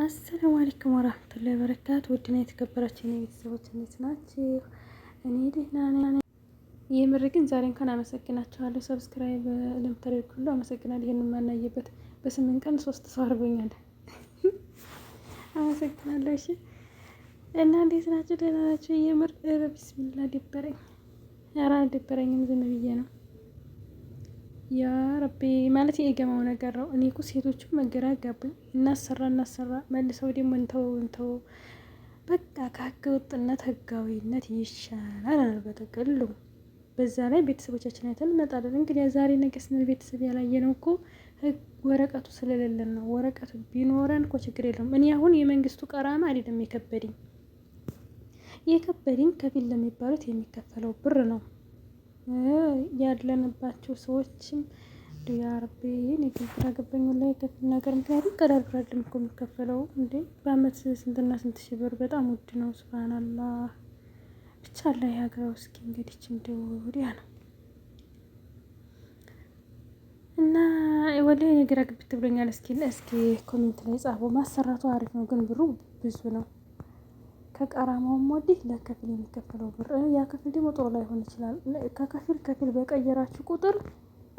አሰላሙ አለይኩም ወራህመቱላሂ ወበረካቱ። ውድና የተከበራችሁ የኔ ቤተሰቦች እንዴት ናችሁ? እኔ ደህና ነኝ። የምር ግን ዛሬ እንኳን አመሰግናችኋለሁ። ሰብስክራይብ ለምታደርጉ ሁሉ አመሰግናለሁ። ይሄን የማናየበት በስምንት ቀን ሶስት ሰው አድርጎኛል። አመሰግናለሁ። እሺ እና እንዴት ናችሁ? ደህና ናችሁ? የምር ኧረ ቢስሚላ ደበረኝ። ኧረ አልደበረኝም ዝም ብዬ ነው ያ ረቤ ማለት የገማው ነገር ነው። እኔ እኮ ሴቶቹም መገራ ገብኝ። እናሰራ እናሰራ መልሰው ደግሞ እንተው እንተው በቃ ከህገ ወጥነት ህጋዊነት ይሻላል አለ በዛ ላይ ቤተሰቦቻችን አይተን እንመጣለን። እንግዲህ ዛሬ ነገ ስንል ቤተሰብ ያላየነው እኮ ወረቀቱ ስለሌለን ነው። ወረቀቱ ቢኖረን እኮ ችግር የለውም። እኔ አሁን የመንግስቱ ቀራማ አይደለም የከበድኝ የከበድኝ ከፊል ለሚባሉት የሚከፈለው ብር ነው። ያለንባቸው ሰዎችም ዲያርቤ የኔ ግብር አገባኝ ላይ ከፍል ነገር ምክንያቱም ቀዳር ብር እኮ የሚከፈለው እንዴ በአመት ስንትና ስንት ሺህ ብር በጣም ውድ ነው። ሱብሃናላህ ብቻ ላይ ሀገራው እስኪ እንግዲች እንደው ወዲያ ነው እና ወደ የግራ ግብት ብሎኛል። እስኪ እስኪ ኮሜንት ላይ ጻፉ። ማሰራቱ አሪፍ ነው ግን ብሩ ብዙ ነው። ከቀራማውም ወዲህ ለከፊል የሚከፈለው ብር ያ ከፊል ደግሞ ጥሩ ላይሆን ይችላል። ከከፊል ከፊል በቀየራችሁ ቁጥር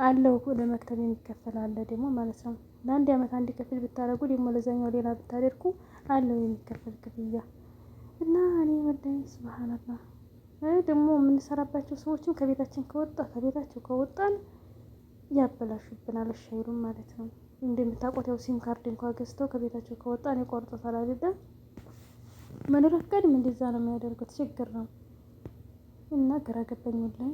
አለው ለመክተብ የሚከፈል አለ ደግሞ ማለት ነው። ለአንድ ዓመት አንድ ከፊል ብታደርጉ ደግሞ ለዛኛው ሌላ ብታደርጉ አለው የሚከፈል ክፍያ እና እኔ ወዳኝ ስብሃናላ ደግሞ የምንሰራባቸው ሰዎችም ከቤታችን ከወጣ ከቤታቸው ከወጣን ያበላሹብናል። እሺ ማለት ነው። እንደምታውቁት ያው ሲም ካርድ እንኳ ገዝተው ከቤታቸው ከወጣን የቆርጦታል አይደለም መኖር ፍቃድም እንደዛ ነው የሚያደርጉት። ችግር ነው እና ግራ ገባኝ ላይ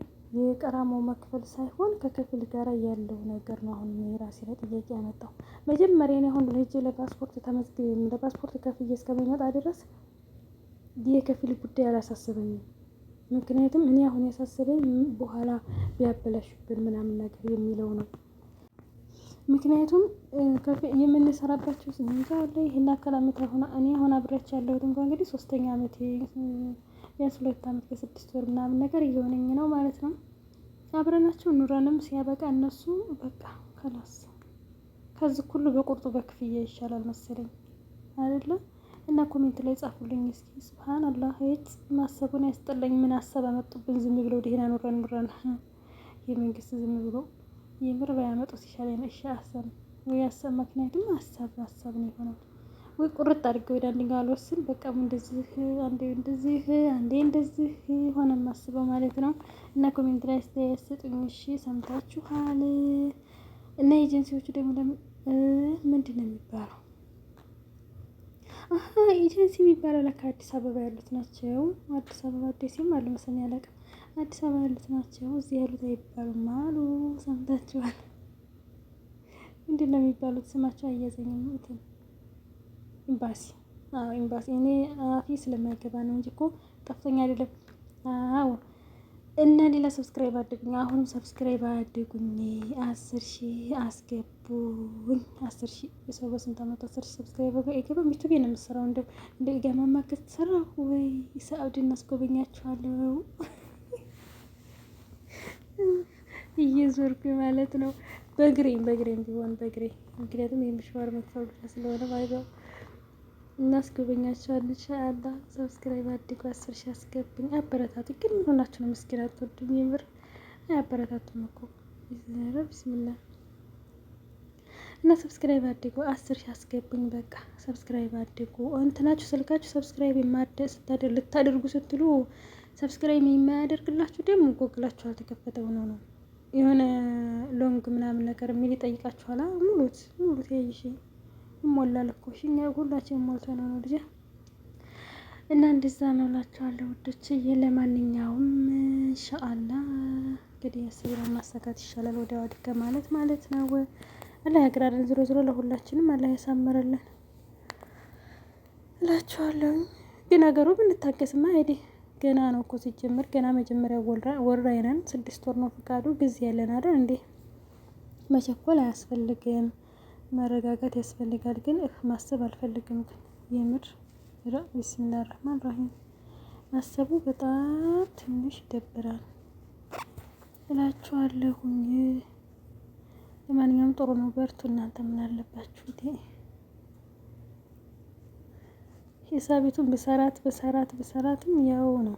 መክፈል ሳይሆን ከክፍል ጋር ያለው ነገር ነው። አሁን የራሴ ላይ ጥያቄ ያመጣው መጀመሪያ እኔ አሁን ሄጄ ለፓስፖርት ተመዝግቤ ለፓስፖርት ከፍዬ እስከመመጣ ድረስ የከፊል ጉዳይ አላሳሰበኝም። ምክንያቱም እኔ አሁን ያሳሰበኝ በኋላ ያበላሽብን ምናምን ነገር የሚለው ነው። ምክንያቱም የምንሰራባቸው ስምንት አለ ይህን አካል አመት ሆና እኔ አሁን አብሬያቸው ያለሁት እንኳ እንግዲህ ሶስተኛ አመት ቢያንስ ሁለት አመት ከስድስት ወር ምናምን ነገር እየሆነኝ ነው ማለት ነው። አብረናቸው ኑረንም ሲያበቃ እነሱ በቃ ከላስ ከዚህ ሁሉ በቁርጡ በክፍያ ይሻላል መሰለኝ አይደለ? እና ኮሜንት ላይ ጻፉልኝ እስኪ። ስብሀን አላህ ሄት ማሰቡን ያስጠላኝ። ምን አሰብ አመጡብን? ዝም ብለው ደህና ኑረን ኑረን የመንግስት ዝም ብሎ የምር ባያመጡት ይሻላል። እሺ ሀሳብ ወይ ሀሳብ ምክንያቱም አሰብ አሰብ ነው የሆነው። ወይ ቁርጥ አድርገው ወደ አንድ ጋር አልወስን በቃ እንደዚህ አንዴ እንደዚህ አንዴ እንደዚህ ሆነ ማስበው ማለት ነው። እና ኮሜንት ላይ አስተያየት ስጡኝ። እሺ ሰምታችኋል። እና ኤጀንሲዎቹ ደግሞ ምንድን ነው የሚባለው? አሀ ኤጀንሲ የሚባለው ለካ አዲስ አበባ ያሉት ናቸው። አዲስ አበባ ደሴም አሉ መሰለኝ አላውቅም። አዲስ አበባ ያሉት ናቸው፣ እዚህ ያሉት አይባሉም አሉ። ሰምታችኋል? ምንድን ነው የሚባሉት? ስማቸው አያዘኝም። እንትን ኤምባሲ፣ አዎ ኤምባሲ። እኔ አፊ ስለማይገባ ነው እንጂ እኮ ጠፍቶኝ አይደለም። አዎ እና ሌላ ሰብስክራይብ አድርጉኝ። አሁንም ሰብስክራይብ አድርጉኝ። አስር ሺ አስገቡኝ። አስር ሺ ሰው በስንት ዓመት አስር ሺ ሰብስክራይብ አይገባም። ዩቱብ ነው የምሰራው። እንደ ገማማ ከተሰራ ወይ ሳኡዲን አስጎበኛችኋለሁ። እየዞርኩኝ ማለት ነው። በግሬም በግሬም ቢሆን በግሬ ምክንያቱም የምሽዋር መክፈል ብቻ ስለሆነ ማለት ነው። እናስጎበኛቸዋለን ኢንሻአላህ። ሰብስክራይብ አድርጉ፣ አስር ሺ አስገብኝ፣ አበረታቱ። ግን ምን ሆናችሁ ነው? ምስኪን አትወዱም? የምር አያበረታቱም እኮ ብስምላ እና ሰብስክራይብ አድርጉ፣ አስር ሺ አስገብኝ። በቃ ሰብስክራይብ አድርጉ። እንትናችሁ ስልካችሁ ሰብስክራይብ ስታደርጉ ልታደርጉ ስትሉ ሰብስክራይብ የማያደርግላችሁ ደግሞ ጎግላችሁ አልተከፈተ ሆኖ ነው። የሆነ ሎንግ ምናምን ነገር የሚል ይጠይቃችኋል። ሙሉት ሙሉት ያይሽ ይሞላል እኮ ሽኛ ሁላችን ሞልቶ ነው ነው ልጅ እና እንደዛ ነው እላችኋለሁ ውዶች። ይህ ለማንኛውም እንሻአላ እንግዲህ ያስብራን ማሰጋት ይሻላል ወደ ዋድከ ማለት ማለት ነው። አላህ ያግራርን ዝሮ ዝሮ ለሁላችንም አላህ ያሳምረልን እላችኋለሁ። ግን ሀገሩ ብንታገስማ አይዴ ገና ነው እኮ ሲጀምር ገና መጀመሪያ ወራይነን ስድስት ወር ነው ፍቃዱ። ጊዜ ያለን አይደል እንዴ? መቸኮል አያስፈልግም፣ መረጋጋት ያስፈልጋል። ግን ማሰብ አልፈልግም ግን የምር ቢስሚላ ራህማን ራሂም ማሰቡ በጣም ትንሽ ይደብራል እላችኋለሁኝ። ለማንኛውም ጥሩ ነው፣ በርቱ እናንተ ምን አለባችሁ? እንዴ? ሂሳቢቱን ብሰራት ብሰራት ብሰራትም ያው ነው፣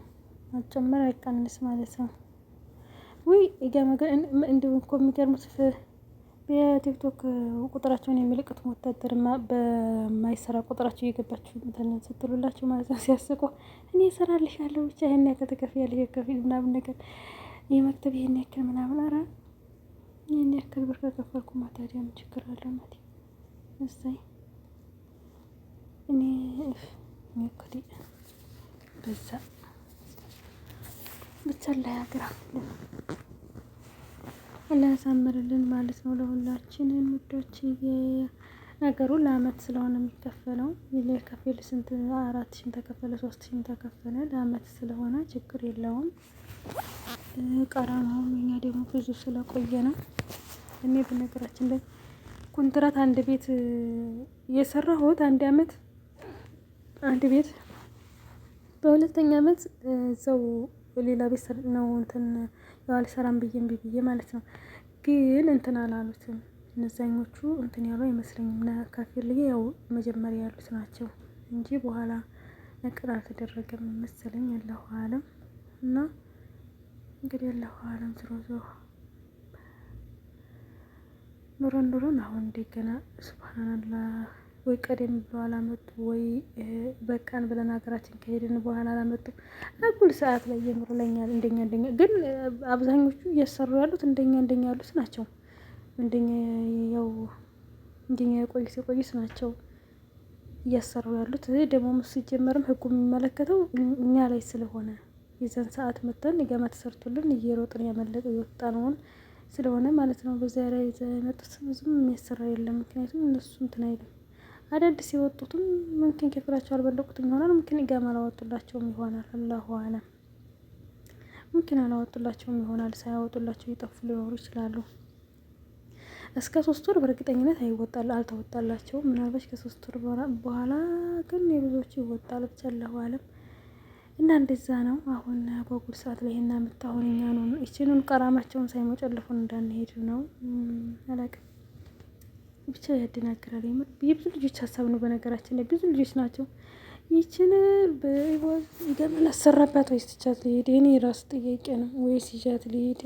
መጨመር አይቀንስ ማለት ነው። ውይ እንዲሁ እኮ የሚገርሙት የቲክቶክ ቁጥራቸውን የሚልቅት ወታደር በማይሰራ ቁጥራቸው እየገባችሁ እንትን ስትሉላቸው ማለት ነው። ሲያስቁ እኔ ያለው ብቻ ይህን ያክል ትከፍያለሽ ከፊል ምናምን ነገር መክተብ ይህን ያክል ምናምን፣ አረ ይህን ያክል ብር ከከፈልኩማ ታዲያ ምን ችግር አለው? እኔ ሞክሪ በዛ ብቻ ማለት ነው። ለሁላችንም ውዶች ነገሩ ለአመት ስለሆነ የሚከፈለው ለከፊል ስንት አራት ተከፈለ፣ ሶስት ተከፈለ። ለአመት ስለሆነ ችግር የለውም። ቀረማው እኛ ደግሞ ብዙ ስለቆየ ነው። እኔ በነገራችን ላይ አንድ ቤት የሰራሁት አንድ አመት አንድ ቤት በሁለተኛ ዓመት እዛው ሌላ ቤት ነው እንትን የዋል ሰራን ብዬ እምቢ ብዬ ማለት ነው። ግን እንትን አላሉትም እነዛኞቹ እንትን ያሉ አይመስለኝም። ልዬ ያው መጀመሪያ ያሉት ናቸው እንጂ በኋላ ነቅር አልተደረገም መሰለኝ። ያለሁ አለም እና እንግዲህ ያለሁ አለም ዝሮ ዝሮ ኑሮን ኑሮን አሁን እንደገና ሱብሃናላህ ወይ ቀደም ብሎ አላመጡ ወይ በቃን ብለን ሀገራችን ከሄድን በኋላ አላመጡ። እኩል ሰዓት ላይ የምርለኛል እንደኛ እንደኛ ግን አብዛኞቹ እያሰሩ ያሉት እንደኛ እንደኛ ያሉት ናቸው። እንደኛ ያው እንደኛ የቆዩት የቆዩት ናቸው እያሰሩ ያሉት። ደግሞም ሲጀመርም ህጉ የሚመለከተው እኛ ላይ ስለሆነ የዘን ሰዓት መተን ገመት ሰርቶልን እየሮጥን ያመለጠ የወጣ ነውን ስለሆነ ማለት ነው። በዚያ ላይ የመጡት ብዙም የሚያሰራ የለም። ምክንያቱም እነሱ እንትን አይልም። አዳዲስ የወጡትም ምንክን ክፍላቸው አልበለቁትም ይሆናል። ምምኪን ኢቃማ አላወጡላቸውም ይሆናል። አላሁ አለም ምምኪን አላወጡላቸውም ይሆናል። ሳያወጡላቸው እየጠፉ ሊኖሩ ይችላሉ። እስከ ሶስት ወር በእርግጠኝነት አይወጣል አልተወጣላቸውም። ምናልባት ከሶስት ወር በኋላ ግን የብዙዎቹ ይወጣል። ብቻ አላሁ አለም እና እንደዛ ነው። አሁን በጉድ ሰዓት ላይ እና ምታሁን እኛ ነው። ይችንን ቀራማቸውን ሳይመጨልፉን እንዳንሄድ ነው አላቅም ብቻ ያደናግራል። የብዙ ልጆች ሀሳብ ነው። በነገራችን ላይ ብዙ ልጆች ናቸው። ይችን ገመና ላሰራባት ወይስ ትቻት ሊሄድ? እኔ ራስ ጥያቄ ነው። ወይስ ይቻት ሊሄድ?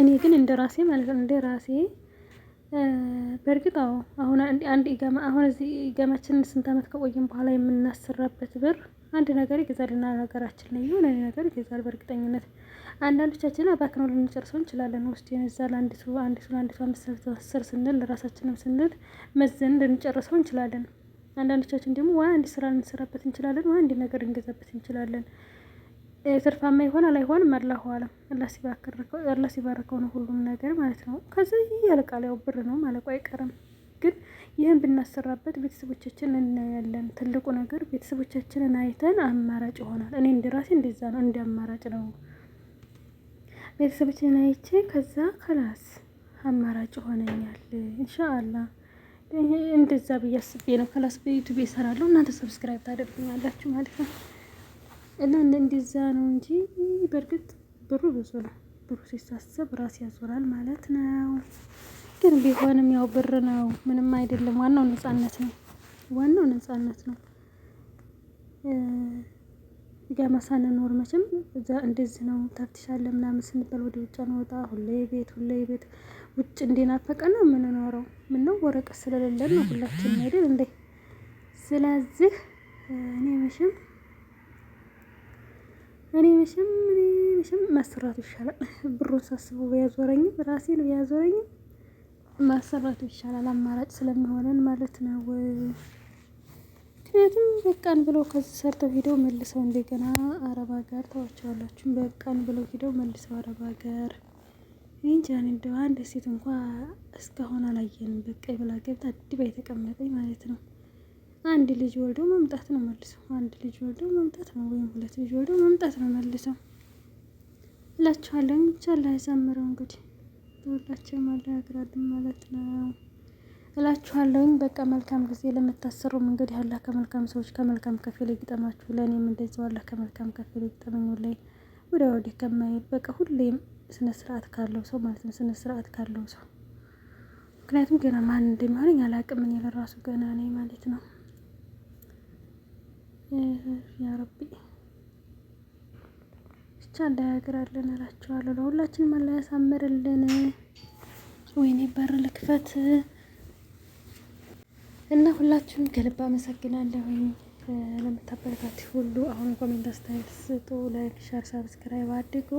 እኔ ግን እንደ ራሴ ማለት ነው እንደ ራሴ በእርግጥ አዎ፣ አሁን አንድ አሁን እዚህ ስንት አመት ከቆየን በኋላ የምናሰራበት ብር አንድ ነገር ይገዛልና ነገራችን ላይ የሆነ ነገር ይገዛል በእርግጠኝነት። አንዳንዶቻችን አባክነው ልንጨርሰው እንችላለን። ውስጥ የነዛል አንድ ሱ አንድ ሱ አንድ ሱ አምስት አስር ስንል ለራሳችንም ስንል መዘን ልንጨርሰው እንችላለን። አንዳንዶቻችን ደግሞ ዋ አንድ ስራ ልንሰራበት እንችላለን፣ ዋ አንድ ነገር እንገዛበት እንችላለን። ትርፋማ ይሆናል አይሆንም፣ አላሁ አለም። አላህ ሲባርከው ነው ሁሉም ነገር ማለት ነው። ከዚህ ያልቃል። ያው ብር ነው ማለቁ አይቀርም። ግን ይህን ብናሰራበት ቤተሰቦቻችን እናያለን። ትልቁ ነገር ቤተሰቦቻችንን አይተን አማራጭ ይሆናል። እኔ እንደራሴ እንደዛ ነው፣ እንደ አማራጭ ነው። ቤተሰቦችን አይቼ ከዛ ከላስ አማራጭ ይሆነኛል። እንሻአላ እንደዛ ብዬ አስቤ ነው። ከላስ በዩቱብ ይሰራለሁ። እናንተ ሰብስክራይብ ታደርጉኛላችሁ ማለት ነው። እና እንደዛ ነው እንጂ በእርግጥ ብሩ ብዙ ነው። ብሩ ሲሳሰብ ራስ ያዞራል ማለት ነው። ግን ቢሆንም ያው ብር ነው፣ ምንም አይደለም። ዋናው ነጻነት ነው። ዋናው ነጻነት ነው። ጋማ ኖር መቼም እዛ እንደዚህ ነው ታፍትሻለ ምናምን ስንበል ወደ ውጭ አንወጣ። ሁሌ ቤት ሁሌ ቤት ውጭ እንዲናፈቀ ነው የምንኖረው ምነው ወረቀት ስለሌለን ነው ሁላችን ሄድን እንዴ? ስለዚህ እኔ መቼም እኔ መቼም እኔ መቼም መስራት ይሻላል። ብሩን ሳስበው ያዞረኝም ራሴን ያዞረኝም ማሰራት ይሻላል አማራጭ ስለሚሆነን ማለት ነው። ምክንያቱም በቃን ብለው ከዚህ ሰርተው ሂደው መልሰው እንደገና አረብ ሀገር ተዋቸዋላችሁ። በቃን ብለው ሂደው መልሰው አረብ ሀገር እንጃ እንደ አንድ ሴት እንኳ እስካሁን አላየንም። በቃ ብላ ገብታ አድባ የተቀመጠኝ ማለት ነው። አንድ ልጅ ወልደው መምጣት ነው መልሰው፣ አንድ ልጅ ወልደው መምጣት ነው፣ ወይም ሁለት ልጅ ወልደው መምጣት ነው መልሰው እላችኋለሁ። ብቻ ላይ ዘምረው እንግዲህ ሁላችንም ያነጋግራልን ማለት ነው እላችኋለሁኝ። በቃ መልካም ጊዜ ለምታሰሩም እንግዲህ አላህ ከመልካም ሰዎች ከመልካም ከፊል ይግጠማችሁ። ለእኔም እንደዚያው አላህ ከመልካም ከፊል ይግጠመኝ። ላይ ወደ ወዲህ ከማይል በቃ ሁሌም ስነ ስርዓት ካለው ሰው ማለት ነው፣ ስነ ስርዓት ካለው ሰው። ምክንያቱም ገና ማን እንደሚሆነኝ አላቅም። እኔ ለራሱ ገና ነኝ ማለት ነው። ያ ረቢ ብቻ እንዳያግራለን እላችኋለሁ። ለሁላችንም አላህ ያሳምርልን። ወይኔ በር ልክፈት እና ሁላችሁም ከልብ አመሰግናለሁኝ ለምታበረታት ሁሉ። አሁን ኮሜንት አስተያየት ስጡ፣ ላይክ፣ ሸር፣ ሰብስክራይብ አድርጉ።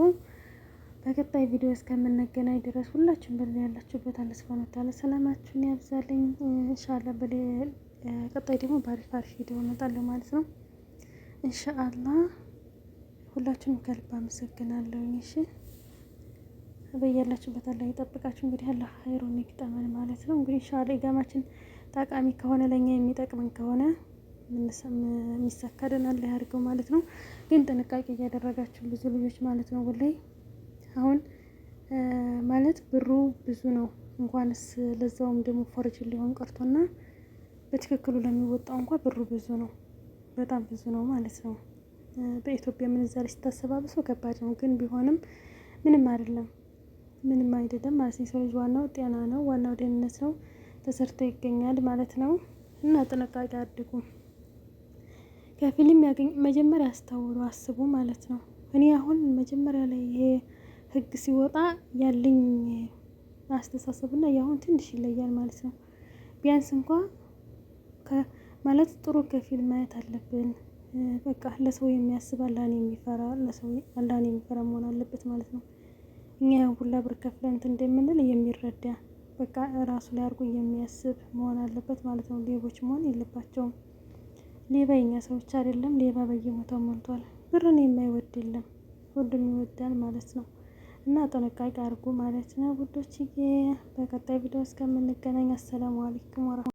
በቀጣይ ቪዲዮ እስከምንገናኝ ድረስ ሁላችሁም በዚህ ያላችሁበት አንድ ስፋ መታለ ሰላማችሁን ያብዛልኝ። እንሻላ በቀጣይ ደግሞ በአሪፍ አሪፍ ቪዲዮ እመጣለሁ ማለት ነው። እንሻአላ ሁላችሁንም ከልብ አመሰግናለሁ። እሺ በያላችሁበት አላህ ይጠብቃችሁ። እንግዲህ አላህ ኸይሩን ይግጠመን ማለት ነው። እንግዲህ ኢንሻአላህ ኢዳማችን ጠቃሚ ከሆነ ለኛ የሚጠቅመን ከሆነ የሚሳካደናል ያድርገው ማለት ነው። ግን ጥንቃቄ እያደረጋችሁ ብዙ ልጆች ማለት ነው ወላሂ አሁን ማለት ብሩ ብዙ ነው እንኳንስ ለዛውም ደግሞ ፎርጅ ሊሆን ቀርቶና በትክክሉ ለሚወጣው እንኳን ብሩ ብዙ ነው፣ በጣም ብዙ ነው ማለት ነው። በኢትዮጵያ ምንዛሬ ሲታሰባብሶ ከባድ ነው፣ ግን ቢሆንም ምንም አይደለም። ምንም አይደለም ማለት ነው። የሰው ልጅ ዋናው ጤና ነው፣ ዋናው ደህንነት ነው። ተሰርቶ ይገኛል ማለት ነው። እና ጥንቃቄ አድርጉ። ከፊልም ያገኝ መጀመሪያ አስታውሉ፣ አስቡ ማለት ነው። እኔ አሁን መጀመሪያ ላይ ይሄ ህግ ሲወጣ ያለኝ አስተሳሰብና የአሁን ትንሽ ይለያል ማለት ነው። ቢያንስ እንኳ ማለት ጥሩ ከፊል ማየት አለብን። በቃ ለሰው የሚያስብ አላህን የሚፈራ ለሰው አላህን የሚፈራ መሆን አለበት ማለት ነው። እኛ ያው ሁላ ብር ከፍለን እንትን እንደምንል የሚረዳ በቃ ራሱ ላይ አድርጎ የሚያስብ መሆን አለበት ማለት ነው። ሌቦች መሆን የለባቸውም። ሌባ የኛ ሰው ብቻ አይደለም፣ ሌባ በየቦታው ሞልቷል። ብርን የማይወድ የለም፣ ሁሉም ይወዳል ማለት ነው። እና ጥንቃቄ አድርጉ ማለት ነው ውዶችዬ። በቀጣይ ቪዲዮ እስከምንገናኝ አሰላሙ አለይኩም ወራ